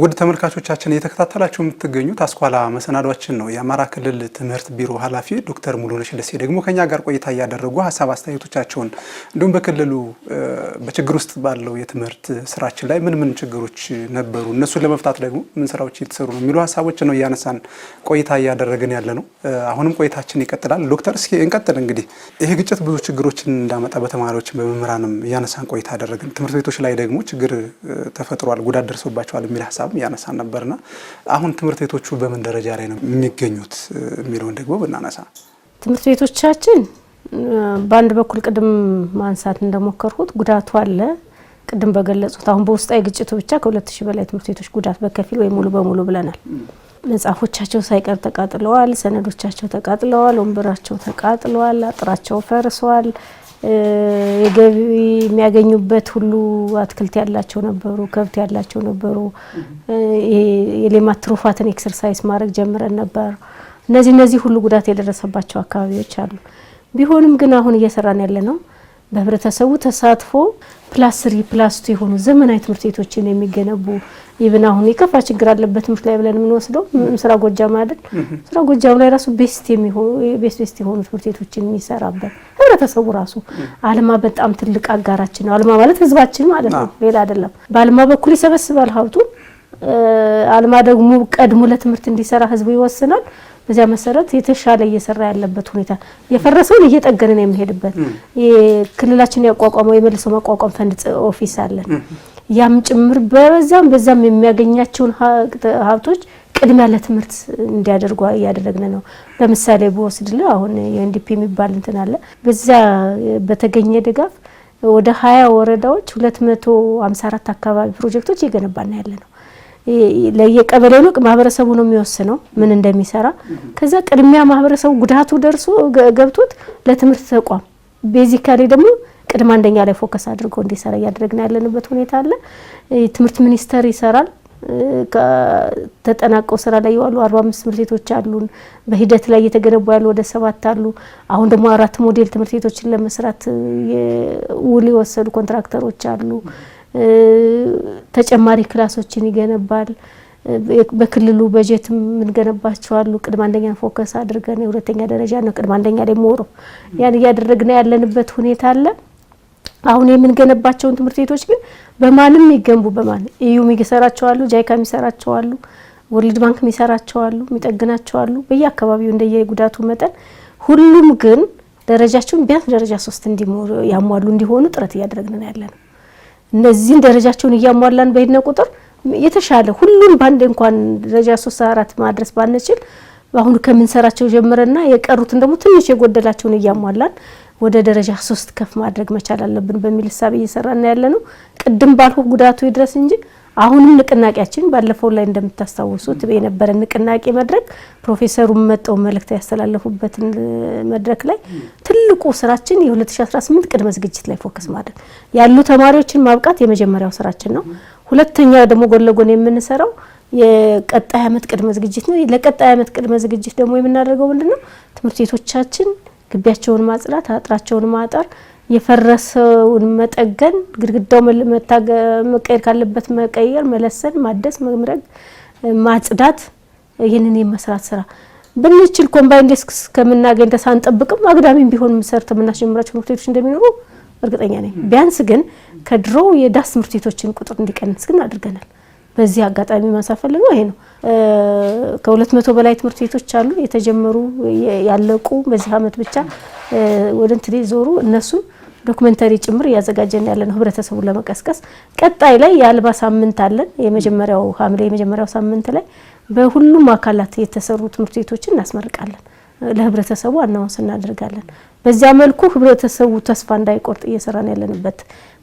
ውድ ተመልካቾቻችን እየተከታተላችሁ የምትገኙት አስኳላ መሰናዷችን ነው። የአማራ ክልል ትምህርት ቢሮ ኃላፊ ዶክተር ሙሉነሽ ደሴ ደግሞ ከኛ ጋር ቆይታ እያደረጉ ሀሳብ አስተያየቶቻቸውን እንዲሁም በክልሉ በችግር ውስጥ ባለው የትምህርት ስራችን ላይ ምን ምን ችግሮች ነበሩ፣ እነሱን ለመፍታት ደግሞ ምን ስራዎች እየተሰሩ ነው የሚሉ ሀሳቦችን ነው እያነሳን ቆይታ እያደረግን ያለ ነው። አሁንም ቆይታችን ይቀጥላል። ዶክተር እስኪ እንቀጥል። እንግዲህ ይህ ግጭት ብዙ ችግሮችን እንዳመጣ በተማሪዎችን በመምህራንም እያነሳን ቆይታ አደረግን። ትምህርት ቤቶች ላይ ደግሞ ችግር ተፈጥሯል፣ ጉዳት ደርሶባቸዋል የሚል ሀሳብ ሀሳብ ያነሳ ነበርና አሁን ትምህርት ቤቶቹ በምን ደረጃ ላይ ነው የሚገኙት የሚለውን ደግሞ ብናነሳ ትምህርት ቤቶቻችን በአንድ በኩል ቅድም ማንሳት እንደሞከርኩት ጉዳቱ አለ። ቅድም በገለጹት አሁን በውስጣዊ ግጭቱ ብቻ ከሁለት ሺህ በላይ ትምህርት ቤቶች ጉዳት በከፊል ወይም ሙሉ በሙሉ ብለናል። መጽሐፎቻቸው ሳይቀር ተቃጥለዋል። ሰነዶቻቸው ተቃጥለዋል። ወንበራቸው ተቃጥለዋል። አጥራቸው ፈርሰዋል። የገቢ የሚያገኙበት ሁሉ አትክልት ያላቸው ነበሩ፣ ከብት ያላቸው ነበሩ። የሌማት ትሩፋትን ኤክሰርሳይዝ ማድረግ ጀምረን ነበር። እነዚህ እነዚህ ሁሉ ጉዳት የደረሰባቸው አካባቢዎች አሉ። ቢሆንም ግን አሁን እየሰራን ያለ ነው በህብረተሰቡ ተሳትፎ ፕላስ ስሪ ፕላስ ቱ የሆኑ ዘመናዊ ትምህርት ቤቶችን የሚገነቡ ይብን አሁን የከፋ ችግር አለበት ትምህርት ላይ ብለን የምንወስደው ስራ ጎጃም አይደል? ስራ ጎጃም ላይ ራሱ ቤስት ቤስት የሆኑ ትምህርት ቤቶችን የሚሰራበት ህብረተሰቡ ራሱ አልማ በጣም ትልቅ አጋራችን ነው። አልማ ማለት ህዝባችን ማለት ነው፣ ሌላ አይደለም። በአልማ በኩል ይሰበስባል ሀብቱ። አልማ ደግሞ ቀድሞ ለትምህርት እንዲሰራ ህዝቡ ይወስናል። በዚያ መሰረት የተሻለ እየሰራ ያለበት ሁኔታ የፈረሰውን እየጠገንን የሚሄድበት ክልላችን ያቋቋመው የመልሶ ማቋቋም ፈንድ ኦፊስ አለን። ያም ጭምር በዛም በዛም የሚያገኛቸውን ሀብቶች ቅድሚያ ለትምህርት እንዲያደርጉ እያደረግን ነው። ለምሳሌ በወስድል አሁን የኤንዲፒ የሚባል እንትን አለ። በዛ በተገኘ ድጋፍ ወደ ሀያ ወረዳዎች ሁለት መቶ ሀምሳ አራት አካባቢ ፕሮጀክቶች እየገነባና ያለ ነው። ለየቀበሌ ነው ማህበረሰቡ ነው የሚወስነው ምን እንደሚሰራ። ከዛ ቅድሚያ ማህበረሰቡ ጉዳቱ ደርሶ ገብቶት ለትምህርት ተቋም ቤዚካሊ ደግሞ ቅድመ አንደኛ ላይ ፎከስ አድርጎ እንዲሰራ እያደረግን ያለንበት ሁኔታ አለ። ትምህርት ሚኒስቴር ይሰራል። ከተጠናቀው ስራ ላይ የዋሉ አርባ አምስት ትምህርት ቤቶች አሉን። በሂደት ላይ እየተገነቡ ያሉ ወደ ሰባት አሉ። አሁን ደግሞ አራት ሞዴል ትምህርት ቤቶችን ለመስራት ውል የወሰዱ ኮንትራክተሮች አሉ። ተጨማሪ ክላሶችን ይገነባል። በክልሉ በጀት የምንገነባቸው አሉ። ቅድመ አንደኛ ፎከስ አድርገን የሁለተኛ ደረጃ ነው፣ ቅድመ አንደኛ ደግሞ ወሮ ያን እያደረግን ያለንበት ሁኔታ አለ። አሁን የምንገነባቸውን ትምህርት ቤቶች ግን በማንም ይገንቡ በማን ኢዩም የሚሰራቸው ጃይካ ጃይካም ወርልድ ባንክ የሚሰራቸው የሚጠግናቸዋሉ የሚጠግናቸው አሉ። በየአካባቢው እንደየጉዳቱ መጠን ሁሉም ግን ደረጃቸውን ቢያንስ ደረጃ ሶስት ያሟሉ እንዲሆኑ ጥረት እያደረግን ያለነው። እነዚህን ደረጃቸውን እያሟላን በሄድነ ቁጥር የተሻለ ሁሉን በአንድ እንኳን ደረጃ ሶስት አራት ማድረስ ባንችል አሁን ከምንሰራቸው ጀምረና የቀሩትን ደግሞ ትንሽ የጎደላቸውን እያሟላን ወደ ደረጃ ሶስት ከፍ ማድረግ መቻል አለብን በሚል እሳቤ እየሰራና ያለ ነው። ቅድም ባልኩ ጉዳቱ ይድረስ እንጂ አሁንም ንቅናቄያችን ባለፈው ላይ እንደምታስታውሱት የነበረ ንቅናቄ መድረክ ፕሮፌሰሩ መጠው መልእክት ያስተላለፉበትን መድረክ ላይ ትልቁ ስራችን የ2018 ቅድመ ዝግጅት ላይ ፎከስ ማድረግ ያሉ ተማሪዎችን ማብቃት የመጀመሪያው ስራችን ነው። ሁለተኛ ደግሞ ጎን ለጎን የምንሰራው የቀጣይ ዓመት ቅድመ ዝግጅት ነው። ለቀጣይ ዓመት ቅድመ ዝግጅት ደግሞ የምናደርገው ምንድነው? ትምህርት ቤቶቻችን ግቢያቸውን ማጽዳት፣ አጥራቸውን ማጠር የፈረሰውን መጠገን፣ ግድግዳው መቀየር ካለበት መቀየር፣ መለሰን፣ ማደስ፣ መምረግ፣ ማጽዳት፣ ይህንን የመስራት ስራ ብንችል ኮምባይንድ ዴስክ እስከምናገኝ ድረስ አንጠብቅም። አግዳሚም ቢሆን ሰርተ የምናስጀምራቸው ትምህርት ቤቶች እንደሚኖሩ እርግጠኛ ነኝ። ቢያንስ ግን ከድሮ የዳስ ትምህርት ቤቶችን ቁጥር እንዲቀንስ ግን አድርገናል። በዚህ አጋጣሚ ማሳፈል ነው ይሄ ነው። ከሁለት መቶ በላይ ትምህርት ቤቶች አሉ የተጀመሩ ያለቁ በዚህ አመት ብቻ ወደ እንትን ዞሩ እነሱም ዶክመንተሪ ጭምር እያዘጋጀን ያለ ነው ህብረተሰቡን ለመቀስቀስ። ቀጣይ ላይ የአልባ ሳምንት አለን። የመጀመሪያው ሐምሌ የመጀመሪያው ሳምንት ላይ በሁሉም አካላት የተሰሩ ትምህርት ቤቶችን እናስመርቃለን። ለህብረተሰቡ አናውንስ እናደርጋለን። በዚያ መልኩ ህብረተሰቡ ተስፋ እንዳይቆርጥ እየሰራን ያለንበት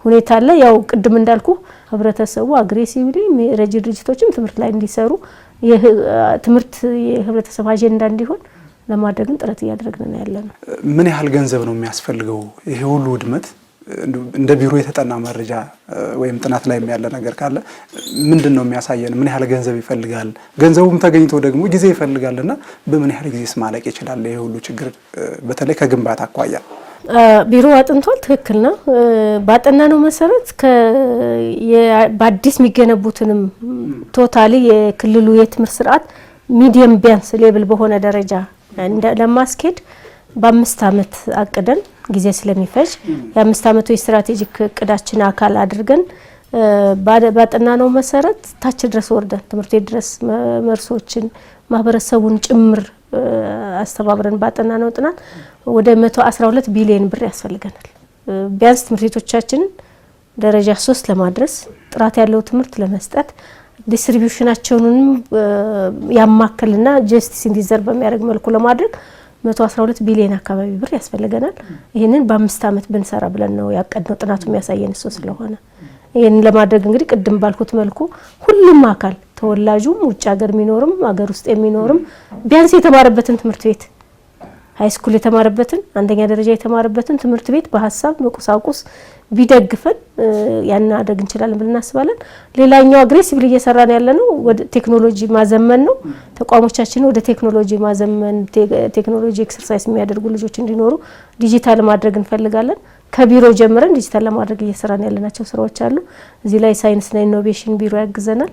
ሁኔታ አለ። ያው ቅድም እንዳልኩ ህብረተሰቡ አግሬሲቭሊ ረጂ ድርጅቶችም ትምህርት ላይ እንዲሰሩ ትምህርት የህብረተሰብ አጀንዳ እንዲሆን ለማድረግን ጥረት እያደረግን ያለ ነው። ምን ያህል ገንዘብ ነው የሚያስፈልገው ይሄ ሁሉ ውድመት? እንደ ቢሮ የተጠና መረጃ ወይም ጥናት ላይ ያለ ነገር ካለ ምንድን ነው የሚያሳየን? ምን ያህል ገንዘብ ይፈልጋል? ገንዘቡም ተገኝቶ ደግሞ ጊዜ ይፈልጋል እና በምን ያህል ጊዜስ ማለቅ ይችላል? ይሄ ሁሉ ችግር በተለይ ከግንባታ አኳያ ቢሮ አጥንቷል። ትክክል ነው። ባጠና ነው መሰረት በአዲስ የሚገነቡትንም ቶታሊ የክልሉ የትምህርት ስርዓት ሚዲየም ቢያንስ ሌብል በሆነ ደረጃ ለማስኬድ በአምስት ዓመት አቅደን ጊዜ ስለሚፈጅ የአምስት ዓመቱ የስትራቴጂክ እቅዳችን አካል አድርገን ባጠናነው መሰረት ታች ድረስ ወርደን ትምህርት ቤት ድረስ መርሶችን ማህበረሰቡን ጭምር አስተባብረን ባጠናነው ጥናት ወደ 112 ቢሊዮን ብር ያስፈልገናል። ቢያንስ ትምህርት ቤቶቻችንን ደረጃ ሶስት ለማድረስ ጥራት ያለው ትምህርት ለመስጠት ዲስትሪቢዩሽናቸውንም ያማከልና ጀስቲስ እንዲዘር በሚያደርግ መልኩ ለማድረግ 112 ቢሊዮን አካባቢ ብር ያስፈልገናል። ይህንን በአምስት ዓመት ብንሰራ ብለን ነው ያቀድነው። ጥናቱ የሚያሳየን እሱ ስለሆነ ይህንን ለማድረግ እንግዲህ ቅድም ባልኩት መልኩ ሁሉም አካል ተወላጁም፣ ውጭ ሀገር የሚኖርም፣ ሀገር ውስጥ የሚኖርም ቢያንስ የተማረበትን ትምህርት ቤት ሃይስኩል የተማረበትን አንደኛ ደረጃ የተማረበትን ትምህርት ቤት በሀሳብ በቁሳቁስ ቢደግፈን ያናደግ እንችላለን ብለን እናስባለን። ሌላኛው አግሬሲቭሊ እየሰራን ያለ ነው ወደ ቴክኖሎጂ ማዘመን ነው። ተቋሞቻችን ወደ ቴክኖሎጂ ማዘመን ቴክኖሎጂ ኤክሰርሳይዝ የሚያደርጉ ልጆች እንዲኖሩ ዲጂታል ማድረግ እንፈልጋለን። ከቢሮ ጀምረን ዲጂታል ለማድረግ እየሰራን ያለናቸው ስራዎች አሉ። እዚህ ላይ ሳይንስና ኢኖቬሽን ቢሮ ያግዘናል።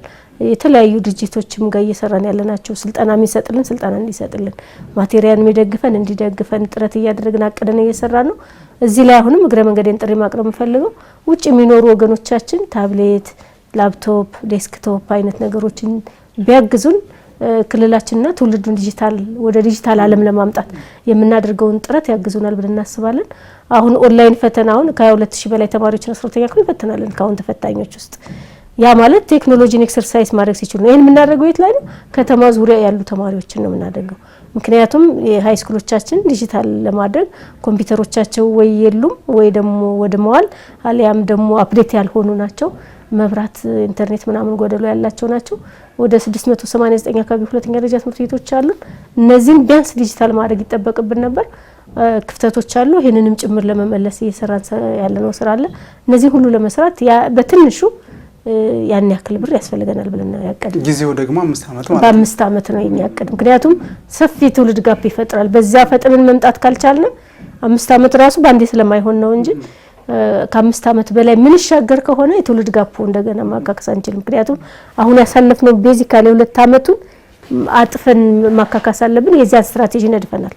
የተለያዩ ድርጅቶችም ጋር እየሰራን ያለናቸው ስልጠና የሚሰጥልን ስልጠና እንዲሰጥልን፣ ማቴሪያል የሚደግፈን እንዲደግፈን ጥረት እያደረግን አቅደን እየሰራ ነው። እዚህ ላይ አሁንም እግረ መንገዴን ጥሪ ማቅረብ የምፈልገው ውጭ የሚኖሩ ወገኖቻችን ታብሌት፣ ላፕቶፕ፣ ዴስክቶፕ አይነት ነገሮችን ቢያግዙን ክልላችንና ትውልዱን ዲጂታል ወደ ዲጂታል ዓለም ለማምጣት የምናደርገውን ጥረት ያግዙናል ብለን እናስባለን። አሁን ኦንላይን ፈተናውን ከ22 ሺህ በላይ ተማሪዎችን አስረተኛ ክፍል ይፈትናለን ከአሁን ተፈታኞች ውስጥ ያ ማለት ቴክኖሎጂን ኤክሰርሳይዝ ማድረግ ሲችሉ ነው። ይህን የምናደርገው የት ላይ ነው? ከተማ ዙሪያ ያሉ ተማሪዎችን ነው የምናደርገው። ምክንያቱም የሀይ ስኩሎቻችን ዲጂታል ለማድረግ ኮምፒውተሮቻቸው ወይ የሉም ወይ ደግሞ ወድመዋል፣ አሊያም ደግሞ አፕዴት ያልሆኑ ናቸው። መብራት፣ ኢንተርኔት ምናምን ጎደሎ ያላቸው ናቸው። ወደ 689 አካባቢ ሁለተኛ ደረጃ ትምህርት ቤቶች አሉ እነዚህን ቢያንስ ዲጂታል ማድረግ ይጠበቅብን ነበር። ክፍተቶች አሉ። ይህንንም ጭምር ለመመለስ እየሰራን ያለነው ስራ አለ። እነዚህ ሁሉ ለመስራት በትንሹ ያን ያክል ብር ያስፈልገናል ብለን ነው ያቀድ። ጊዜው ደግሞ አምስት ዓመት ማለት ነው። በአምስት ዓመት ነው የኛ ምክንያቱም ሰፊ ትውልድ ጋፕ ይፈጥራል። በዚያ ፈጥነን መምጣት ካልቻልን አምስት ዓመት ራሱ በአንዴ ስለማይሆን ነው እንጂ ከአምስት ዓመት በላይ ምንሻገር ከሆነ የትውልድ ጋፖ እንደገና ማካከስ አንችልም። ምክንያቱም አሁን ያሳለፍነው ቤዚካል የሁለት ዓመቱን አጥፈን ማካካስ አለብን። የዚያ ስትራቴጂ ነድፈናል።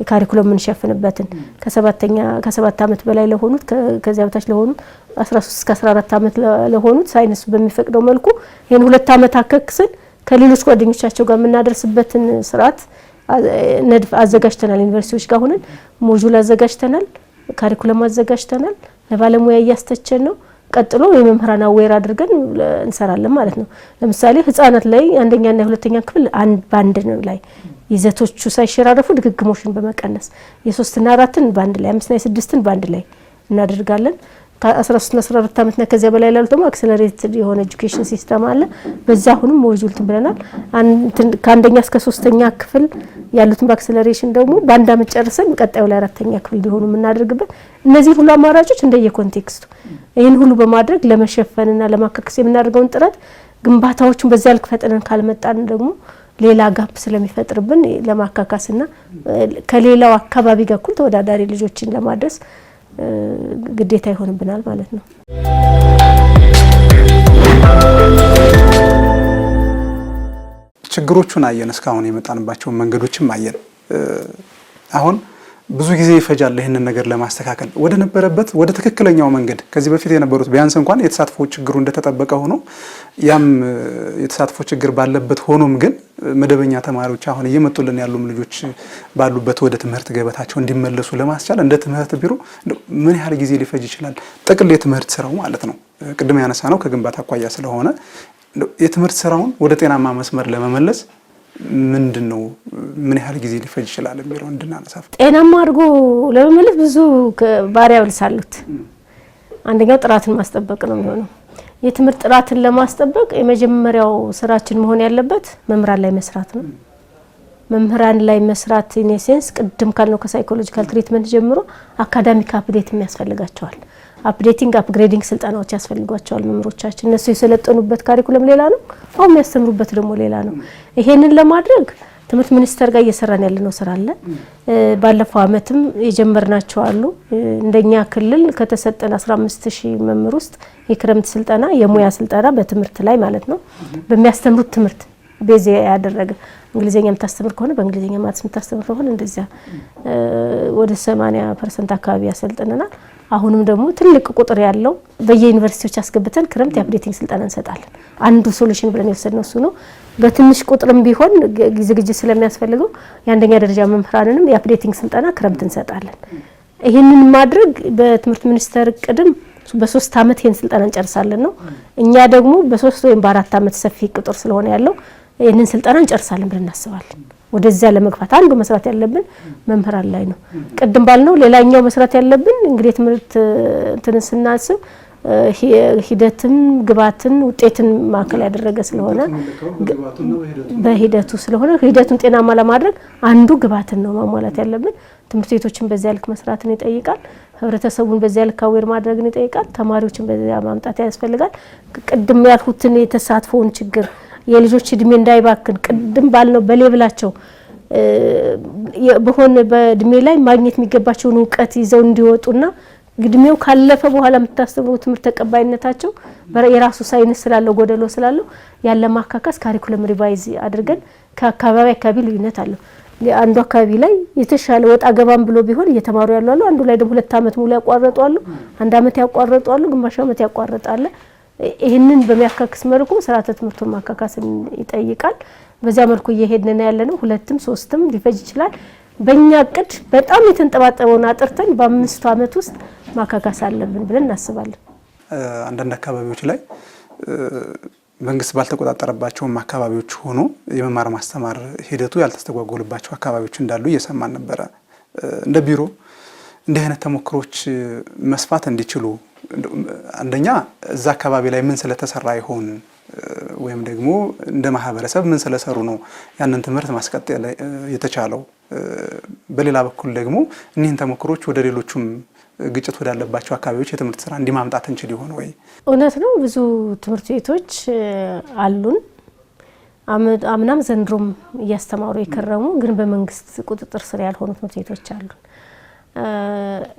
የካሪኩለም የምንሸፍንበትን ከሰባተኛ ከሰባት ዓመት በላይ ለሆኑት ከዚያ በታች ለሆኑት 13 እስከ 14 ዓመት ለሆኑት ሳይንስ በሚፈቅደው መልኩ ይህን ሁለት ዓመት አካክስን ከሌሎች ጓደኞቻቸው ጋር የምናደርስበትን ስርዓት ነድፍ አዘጋጅተናል። ዩኒቨርሲቲዎች ጋር ሆነን ሞጁል አዘጋጅተናል። ካሪኩለም አዘጋጅተናል። ለባለሙያ እያስተቸን ነው። ቀጥሎ የመምህራን አዌር አድርገን እንሰራለን ማለት ነው። ለምሳሌ ህጻናት ላይ አንደኛና የሁለተኛ ክፍል በአንድ ላይ ይዘቶቹ ሳይሸራረፉ ድግግሞሽን በመቀነስ የሶስትና አራትን በአንድ ላይ አምስትና የስድስትን በአንድ ላይ እናደርጋለን። ከ13 ለ14 ዓመትና ከዚያ በላይ ላሉ ደግሞ አክሰለሬትድ የሆነ ኤጁኬሽን ሲስተም አለ። በዛ አሁንም ሞጁልት ብለናል። ከአንደኛ እስከ ሶስተኛ ክፍል ያሉትን በአክሰለሬሽን ደግሞ በአንድ አመት ጨርሰን ቀጣዩ ላይ አራተኛ ክፍል እንዲሆኑ የምናደርግበት እነዚህ ሁሉ አማራጮች እንደየኮንቴክስቱ ይህን ሁሉ በማድረግ ለመሸፈንና ለማካከስ የምናደርገውን ጥረት ግንባታዎቹን በዚያ ልክ ፈጥነን ካልመጣን ደግሞ ሌላ ጋፕ ስለሚፈጥርብን ለማካካስና ከሌላው አካባቢ ጋር እኩል ተወዳዳሪ ልጆችን ለማድረስ ግዴታ ይሆንብናል ማለት ነው። ችግሮቹን አየን፣ እስካሁን የመጣንባቸውን መንገዶችም አየን። አሁን ብዙ ጊዜ ይፈጃል ይህንን ነገር ለማስተካከል ወደ ነበረበት ወደ ትክክለኛው መንገድ። ከዚህ በፊት የነበሩት ቢያንስ እንኳን የተሳትፎ ችግሩ እንደተጠበቀ ሆኖ ያም የተሳትፎ ችግር ባለበት ሆኖም ግን መደበኛ ተማሪዎች አሁን እየመጡልን ያሉም ልጆች ባሉበት ወደ ትምህርት ገበታቸው እንዲመለሱ ለማስቻል እንደ ትምህርት ቢሮ ምን ያህል ጊዜ ሊፈጅ ይችላል? ጥቅል የትምህርት ስራው ማለት ነው። ቅድም ያነሳ ነው ከግንባታ አኳያ ስለሆነ የትምህርት ስራውን ወደ ጤናማ መስመር ለመመለስ ምንድን ነው ምን ያህል ጊዜ ሊፈጅ ይችላል የሚለው እንድናነሳ ጤናማ አድርጎ ለመመለስ ብዙ ቫሪያብልስ አሉት። አንደኛው ጥራትን ማስጠበቅ ነው የሚሆነው። የትምህርት ጥራትን ለማስጠበቅ የመጀመሪያው ስራችን መሆን ያለበት መምህራን ላይ መስራት ነው። መምህራን ላይ መስራት ኢኔሴንስ ቅድም ካልነው ከሳይኮሎጂካል ትሪትመንት ጀምሮ አካዳሚክ አፕዴት የሚያስፈልጋቸዋል። አፕዴቲንግ አፕግሬዲንግ ስልጠናዎች ያስፈልጓቸዋል መምሮቻችን። እነሱ የሰለጠኑበት ካሪኩለም ሌላ ነው፣ አሁን የሚያስተምሩበት ደግሞ ሌላ ነው። ይሄንን ለማድረግ ትምህርት ሚኒስቴር ጋር እየሰራን ያለነው ስራ አለ። ባለፈው አመትም የጀመርናቸው አሉ። እንደኛ ክልል ከተሰጠን 15 ሺህ መምህር ውስጥ የክረምት ስልጠና የሙያ ስልጠና በትምህርት ላይ ማለት ነው በሚያስተምሩት ትምህርት ቤዜ ያደረገ እንግሊዝኛ የምታስተምር ከሆነ በእንግሊዝኛ ማለት የምታስተምር ከሆነ እንደዚያ ወደ 80 ፐርሰንት አካባቢ ያሰልጥነናል። አሁንም ደግሞ ትልቅ ቁጥር ያለው በየዩኒቨርሲቲዎች አስገብተን ክረምት የአፕዴቲንግ ስልጠና እንሰጣለን። አንዱ ሶሉሽን ብለን የወሰድነው እሱ ነው። በትንሽ ቁጥርም ቢሆን ዝግጅት ስለሚያስፈልገው የአንደኛ ደረጃ መምህራንንም የአፕዴቲንግ ስልጠና ክረምት እንሰጣለን። ይህንን ማድረግ በትምህርት ሚኒስቴር ቅድም በሶስት አመት ይህን ስልጠና እንጨርሳለን ነው። እኛ ደግሞ በሶስት ወይም በአራት አመት ሰፊ ቁጥር ስለሆነ ያለው ይህንን ስልጠና እንጨርሳለን ብለን እናስባለን። ወደዚያ ለመግፋት አንዱ መስራት ያለብን መምህራን ላይ ነው። ቅድም ባልነው ሌላኛው መስራት ያለብን እንግዲህ ትምህርት እንትን ስናስብ ሂደትን፣ ግብዓትን፣ ውጤትን ማዕከል ያደረገ ስለሆነ በሂደቱ ስለሆነ ሂደቱን ጤናማ ለማድረግ አንዱ ግባትን ነው ማሟላት ያለብን። ትምህርት ቤቶችን በዚያ ልክ መስራትን ይጠይቃል። ህብረተሰቡን በዚያ ልክ አዌር ማድረግን ይጠይቃል። ተማሪዎችን በዚያ ማምጣት ያስፈልጋል። ቅድም ያልኩትን የተሳትፎውን ችግር የልጆች እድሜ እንዳይባክን ቅድም ባልነው በሌብላቸው በሆነ በእድሜ ላይ ማግኘት የሚገባቸውን እውቀት ይዘው እንዲወጡና እድሜው ካለፈ በኋላ የምታስተምረው ትምህርት ተቀባይነታቸው የራሱ ሳይንስ ስላለው ጎደሎ ስላለው ያለ ማካካስ ካሪኩለም ሪቫይዝ አድርገን ከአካባቢ አካባቢ ልዩነት አለው። አንዱ አካባቢ ላይ የተሻለ ወጣ ገባም ብሎ ቢሆን እየተማሩ ያሉ አሉ። አንዱ ላይ ደግሞ ሁለት ዓመት ሙሉ ያቋረጡ አሉ። አንድ ዓመት ያቋረጡ አሉ። ግማሽ ዓመት ያቋረጣለ ይህንን በሚያካክስ መልኩ ስርዓተ ትምህርቱን ማካካስን ይጠይቃል። በዚያ መልኩ እየሄድን ያለ ሁለትም ሶስትም ሊፈጅ ይችላል። በእኛ እቅድ በጣም የተንጠባጠበውን አጥርተን በአምስቱ ዓመት ውስጥ ማካካስ አለብን ብለን እናስባለን። አንዳንድ አካባቢዎች ላይ መንግስት ባልተቆጣጠረባቸውም አካባቢዎች ሆኖ የመማር ማስተማር ሂደቱ ያልተስተጓጎሉባቸው አካባቢዎች እንዳሉ እየሰማን ነበረ። እንደ ቢሮ እንዲህ አይነት ተሞክሮች መስፋት እንዲችሉ አንደኛ እዛ አካባቢ ላይ ምን ስለተሰራ ይሆን ወይም ደግሞ እንደ ማህበረሰብ ምን ስለሰሩ ነው ያንን ትምህርት ማስቀጠል የተቻለው። በሌላ በኩል ደግሞ እኒህን ተሞክሮች ወደ ሌሎቹም ግጭት ወዳለባቸው አካባቢዎች የትምህርት ስራ እንዲህ ማምጣት እንችል ይሆን ወይ? እውነት ነው ብዙ ትምህርት ቤቶች አሉን። አምናም ዘንድሮም እያስተማሩ የከረሙ ግን በመንግስት ቁጥጥር ስር ያልሆኑ ትምህርት ቤቶች አሉን።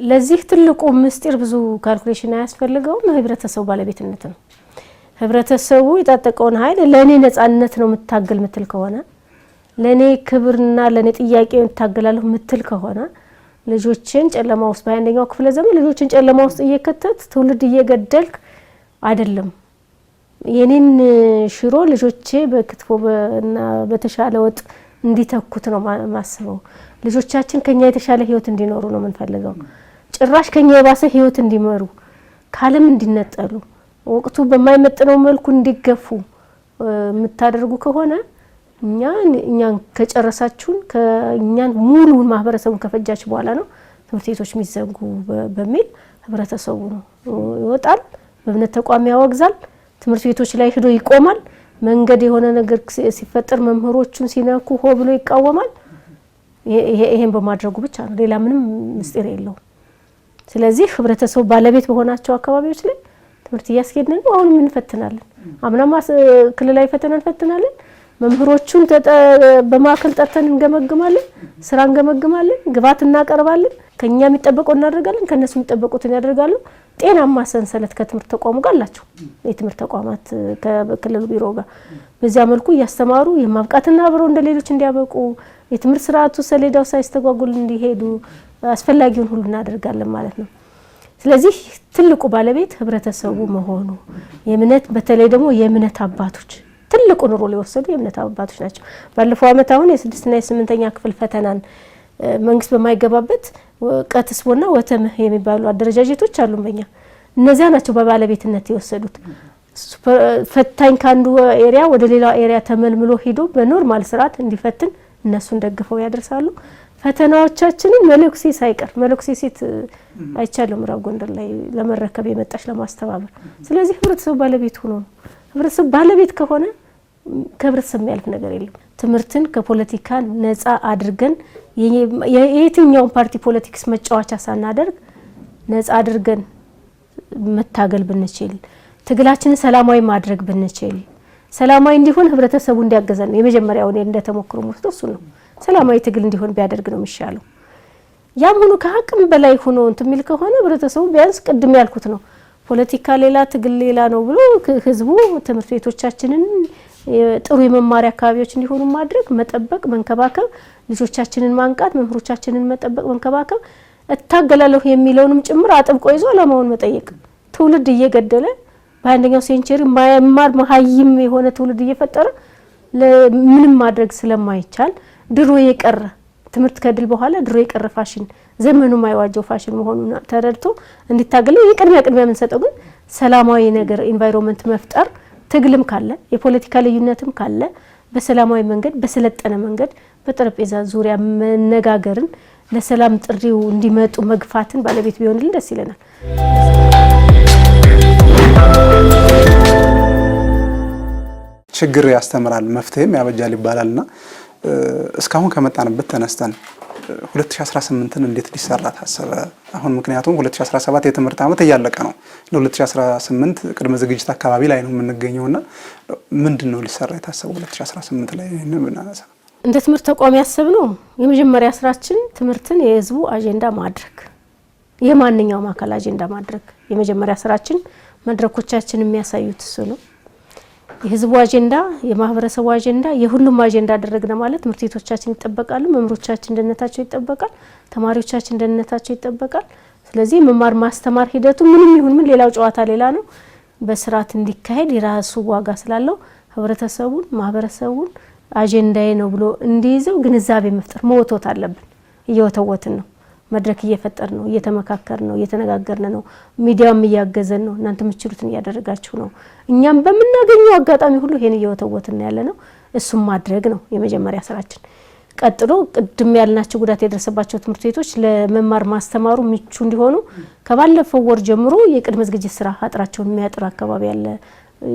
ለዚህ ትልቁ ምስጢር ብዙ ካልኩሌሽን አያስፈልገውም። ህብረተሰቡ ባለቤትነት ነው። ህብረተሰቡ የታጠቀውን ኃይል ለእኔ ነጻነት ነው የምታገል ምትል ከሆነ ለእኔ ክብርና ለእኔ ጥያቄ እታገላለሁ ምትል ከሆነ ልጆችን ጨለማ ውስጥ በአንደኛው ክፍለ ዘመን ልጆችን ጨለማ ውስጥ እየከተት ትውልድ እየገደልክ አይደለም። የኔን ሽሮ ልጆቼ በክትፎ በተሻለ ወጥ እንዲተኩት ነው ማስበው። ልጆቻችን ከኛ የተሻለ ህይወት እንዲኖሩ ነው የምንፈልገው። ጭራሽ ከኛ የባሰ ህይወት እንዲመሩ፣ ካለም እንዲነጠሉ፣ ወቅቱ በማይመጥነው መልኩ እንዲገፉ የምታደርጉ ከሆነ እኛ እኛን ከጨረሳችሁን ከእኛን ሙሉን ማህበረሰቡን ከፈጃችሁ በኋላ ነው ትምህርት ቤቶች የሚዘጉ በሚል ህብረተሰቡ ነው ይወጣል፣ በእምነት ተቋም ያወግዛል፣ ትምህርት ቤቶች ላይ ሂዶ ይቆማል። መንገድ የሆነ ነገር ሲፈጠር መምህሮቹን ሲነኩ ሆ ብሎ ይቃወማል። ይሄን በማድረጉ ብቻ ነው፣ ሌላ ምንም ምስጢር የለውም። ስለዚህ ህብረተሰቡ ባለቤት በሆናቸው አካባቢዎች ላይ ትምህርት እያስኬድን ነው። አሁንም እንፈትናለን። አምናማ ክልላዊ ፈተና እንፈትናለን። መምህሮቹን በማዕከል ጠርተን እንገመግማለን። ስራ እንገመግማለን። ግባት እናቀርባለን። ከኛ የሚጠበቀው እናደርጋለን፣ ከእነሱ የሚጠበቁትን ያደርጋሉ። ጤናማ ሰንሰለት ከትምህርት ተቋሙ ጋር አላቸው። የትምህርት ተቋማት ከክልሉ ቢሮ ጋር በዚያ መልኩ እያስተማሩ የማብቃትና አብረው እንደ ሌሎች እንዲያበቁ የትምህርት ስርዓቱ ሰሌዳው ሳይስተጓጉል እንዲሄዱ አስፈላጊውን ሁሉ እናደርጋለን ማለት ነው። ስለዚህ ትልቁ ባለቤት ህብረተሰቡ መሆኑ የእምነት በተለይ ደግሞ የእምነት አባቶች ትልቁን ሮል የወሰዱ የእምነት አባቶች ናቸው። ባለፈው ዓመት አሁን የስድስትና የስምንተኛ ክፍል ፈተናን መንግስት በማይገባበት ቀትስቦና ወተምህ የሚባሉ አደረጃጀቶች አሉ። በኛ እነዚያ ናቸው በባለቤትነት የወሰዱት። ፈታኝ ከአንዱ ኤሪያ ወደ ሌላው ኤሪያ ተመልምሎ ሄዶ በኖርማል ስርዓት እንዲፈትን እነሱን ደግፈው ያደርሳሉ። ፈተናዎቻችንን መለኩሴ ሳይቀር መለኩሴ ሴት አይቻለሁ ምዕራብ ጎንደር ላይ ለመረከብ የመጣች ለማስተባበር። ስለዚህ ህብረተሰቡ ባለቤት ሆኖ ነው። ህብረተሰቡ ባለቤት ከሆነ ከህብረተሰብ የሚያልፍ ነገር የለም። ትምህርትን ከፖለቲካን ነጻ አድርገን የየትኛውን ፓርቲ ፖለቲክስ መጫወቻ ሳናደርግ ነጻ አድርገን መታገል ብንችል፣ ትግላችንን ሰላማዊ ማድረግ ብንችል፣ ሰላማዊ እንዲሆን ህብረተሰቡ እንዲያገዘን ነው የመጀመሪያው። እኔ እንደተሞክሮ ወስዶ እሱ ነው ሰላማዊ ትግል እንዲሆን ቢያደርግ ነው የሚሻለው። ያም ሆኖ ከአቅም በላይ ሆኖ እንትን የሚል ከሆነ ህብረተሰቡ ቢያንስ ቅድም ያልኩት ነው ፖለቲካ ሌላ ትግል ሌላ ነው ብሎ ህዝቡ ትምህርት ቤቶቻችንን ጥሩ የመማሪያ አካባቢዎች እንዲሆኑ ማድረግ፣ መጠበቅ፣ መንከባከብ፣ ልጆቻችንን ማንቃት፣ መምህሮቻችንን መጠበቅ፣ መንከባከብ፣ እታገላለሁ የሚለውንም ጭምር አጥብቆ ይዞ አላማውን መጠየቅ ትውልድ እየገደለ በአንደኛው ሴንቸሪ ማያማር መሀይም የሆነ ትውልድ እየፈጠረ ምንም ማድረግ ስለማይቻል ድሮ የቀረ ትምህርት ከድል በኋላ ድሮ የቀረ ፋሽን ዘመኑ ማይዋጀው ፋሽን መሆኑን ተረድቶ እንዲታገለ የቅድሚያ ቅድሚያ የምንሰጠው ግን ሰላማዊ ነገር ኢንቫይሮንመንት መፍጠር ትግልም ካለ የፖለቲካ ልዩነትም ካለ በሰላማዊ መንገድ በሰለጠነ መንገድ በጠረጴዛ ዙሪያ መነጋገርን ለሰላም ጥሪው እንዲመጡ መግፋትን ባለቤት ቢሆንልን ደስ ይለናል። ችግር ያስተምራል መፍትሄም ያበጃል ይባላልና እስካሁን ከመጣንበት ተነስተን 2018ን እንዴት ሊሰራ ታሰበ? አሁን ምክንያቱም 2017 የትምህርት ዓመት እያለቀ ነው። ለ2018 ቅድመ ዝግጅት አካባቢ ላይ ነው የምንገኘው እና ምንድን ነው ሊሰራ የታሰበ 2018 ላይ ብናነሳ እንደ ትምህርት ተቋም ነው? የመጀመሪያ ስራችን ትምህርትን የህዝቡ አጀንዳ ማድረግ፣ የማንኛውም አካል አጀንዳ ማድረግ የመጀመሪያ ስራችን። መድረኮቻችን የሚያሳዩት እሱ ነው። የህዝቡ አጀንዳ፣ የማህበረሰቡ አጀንዳ፣ የሁሉም አጀንዳ አደረግነ ማለት ትምህርት ቤቶቻችን ይጠበቃሉ፣ መምህሮቻችን ደህንነታቸው ይጠበቃል፣ ተማሪዎቻችን ደህንነታቸው ይጠበቃል። ስለዚህ መማር ማስተማር ሂደቱ ምንም ይሁን ምን ሌላው ጨዋታ ሌላ ነው፣ በስርዓት እንዲካሄድ የራሱ ዋጋ ስላለው ህብረተሰቡን ማህበረሰቡን አጀንዳዬ ነው ብሎ እንዲይዘው ግንዛቤ መፍጠር መወቶት አለብን። እየወተወትን ነው። መድረክ እየፈጠር ነው፣ እየተመካከር ነው፣ እየተነጋገርን ነው። ሚዲያም እያገዘን ነው። እናንተ የምትችሉትን እያደረጋችሁ ነው። እኛም በምናገኘው አጋጣሚ ሁሉ ይሄን እየወተወትን ያለ ነው። እሱም ማድረግ ነው የመጀመሪያ ስራችን። ቀጥሎ ቅድም ያልናቸው ጉዳት የደረሰባቸው ትምህርት ቤቶች ለመማር ማስተማሩ ምቹ እንዲሆኑ ከባለፈው ወር ጀምሮ የቅድመ ዝግጅት ስራ አጥራቸውን የሚያጥር አካባቢ ያለ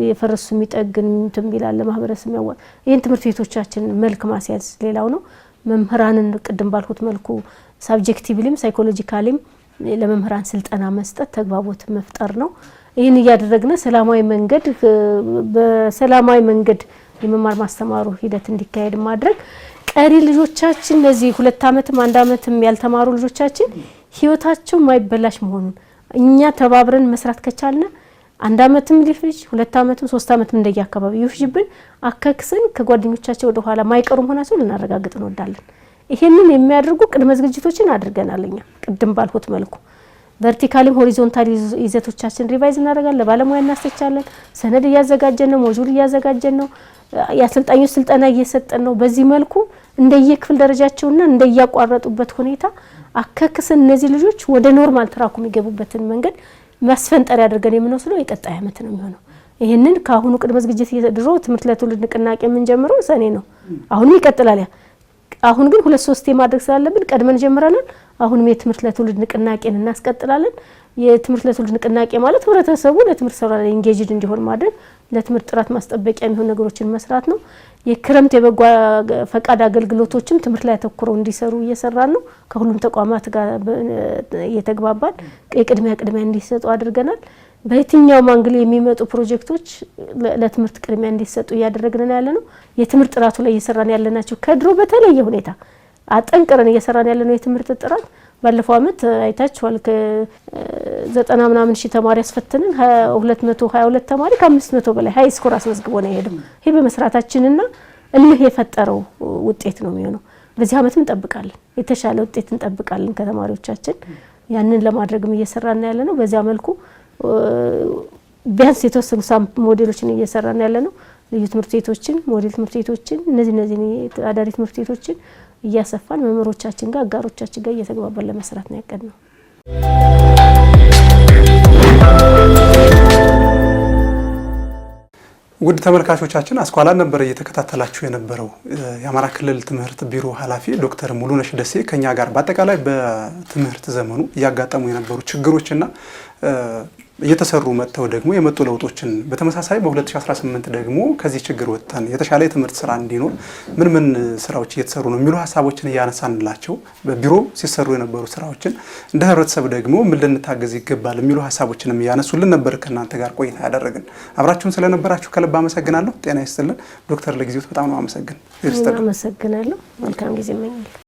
የፈረሱ የሚጠግን ትንቢላለ ማህበረሰብ የሚያዋጥ ይህን ትምህርት ቤቶቻችን መልክ ማስያዝ ሌላው ነው። መምህራንን ቅድም ባልኩት መልኩ ሳብጀክቲቭሊም ሳይኮሎጂካሊም ለመምህራን ስልጠና መስጠት ተግባቦት መፍጠር ነው። ይህን እያደረግነ ሰላማዊ መንገድ በሰላማዊ መንገድ የመማር ማስተማሩ ሂደት እንዲካሄድ ማድረግ ቀሪ ልጆቻችን እነዚህ ሁለት ዓመትም አንድ ዓመትም ያልተማሩ ልጆቻችን ህይወታቸው ማይበላሽ መሆኑን እኛ ተባብረን መስራት ከቻልነ አንድ ዓመትም ሊፍጅ ሁለት ዓመትም ሶስት ዓመትም እንደየ አካባቢ ይፍጅብን አከክስን ከጓደኞቻቸው ወደኋላ ማይቀሩ መሆናቸው ልናረጋግጥ እንወዳለን። ይሄንን የሚያደርጉ ቅድመ ዝግጅቶችን አድርገናል። እኛ ቅድም ባልሁት መልኩ ቨርቲካሊም ሆሪዞንታል ይዘቶቻችን ሪቫይዝ እናደርጋለን፣ ለባለሙያ እናስተቻለን። ሰነድ እያዘጋጀን ነው፣ ሞጁል እያዘጋጀን ነው፣ የአሰልጣኞች ስልጠና እየሰጠን ነው። በዚህ መልኩ እንደየክፍል ደረጃቸውና እንደያቋረጡበት ሁኔታ አካክሰን እነዚህ ልጆች ወደ ኖርማል ትራኩ የሚገቡበትን መንገድ ማስፈንጠሪያ አድርገን የምንወስደው የቀጣይ ዓመት ነው የሚሆነው። ይህንን ከአሁኑ ቅድመ ዝግጅት ድሮ ትምህርት ለትውልድ ንቅናቄ የምንጀምረው ሰኔ ነው። አሁንም ይቀጥላል ያ አሁን ግን ሁለት ሶስት የማድረግ ስላለብን ቀድመን ጀምረናል። አሁንም የትምህርት ለትውልድ ንቅናቄን እናስቀጥላለን። የትምህርት ለትውልድ ንቅናቄ ማለት ህብረተሰቡ ለትምህርት ስራ ላይ ኢንጌጅድ እንዲሆን ማድረግ፣ ለትምህርት ጥራት ማስጠበቂያ የሚሆን ነገሮችን መስራት ነው። የክረምት የበጎ ፈቃድ አገልግሎቶችም ትምህርት ላይ አተኩረው እንዲሰሩ እየሰራን ነው። ከሁሉም ተቋማት ጋር እየተግባባን የቅድሚያ ቅድሚያ እንዲሰጡ አድርገናል። በየትኛው ማንግል የሚመጡ ፕሮጀክቶች ለትምህርት ቅድሚያ እንዲሰጡ እያደረግን ያለ ነው። የትምህርት ጥራቱ ላይ እየሰራን ያለ ናቸው። ከድሮ በተለየ ሁኔታ አጠንቅረን እየሰራን ያለ ነው። የትምህርት ጥራት ባለፈው አመት አይታችኋል። ዘጠና ምናምን ሺህ ተማሪ ያስፈትንን ሁለት መቶ ሀያ ሁለት ተማሪ ከአምስት መቶ በላይ ሀይ ስኮር አስመዝግቦ ነው የሄደው። ይሄ በመስራታችንና እልህ የፈጠረው ውጤት ነው የሚሆነው። በዚህ አመት እንጠብቃለን፣ የተሻለ ውጤት እንጠብቃለን ከተማሪዎቻችን። ያንን ለማድረግም እየሰራን ያለ ነው በዚያ መልኩ ቢያንስ የተወሰኑ ሞዴሎችን እየሰራን ያለ ነው። ልዩ ትምህርት ቤቶችን፣ ሞዴል ትምህርት ቤቶችን፣ እነዚህ እነዚህን አዳሪ ትምህርት ቤቶችን እያሰፋን መምህሮቻችን ጋር አጋሮቻችን ጋር እየተግባባን ለመስራት ነው ያቀድነው። ውድ ተመልካቾቻችን አስኳላን ነበር እየተከታተላችሁ የነበረው። የአማራ ክልል ትምህርት ቢሮ ኃላፊ ዶክተር ሙሉነሽ ደሴ ከኛ ጋር በአጠቃላይ በትምህርት ዘመኑ እያጋጠሙ የነበሩ ችግሮችና እየተሰሩ መጥተው ደግሞ የመጡ ለውጦችን በተመሳሳይ በ2018 ደግሞ ከዚህ ችግር ወጥተን የተሻለ የትምህርት ስራ እንዲኖር ምን ምን ስራዎች እየተሰሩ ነው የሚሉ ሀሳቦችን እያነሳንላቸው በቢሮ ሲሰሩ የነበሩ ስራዎችን እንደ ህብረተሰብ ደግሞ ምን ልንታገዝ ይገባል የሚሉ ሀሳቦችንም እያነሱልን ነበር። ከእናንተ ጋር ቆይታ ያደረግን አብራችሁን ስለነበራችሁ ከልብ አመሰግናለሁ። ጤና ይስጥልን ዶክተር ለጊዜዎት በጣም ነው አመሰግን። አመሰግናለሁ። መልካም ጊዜ እመኛለሁ።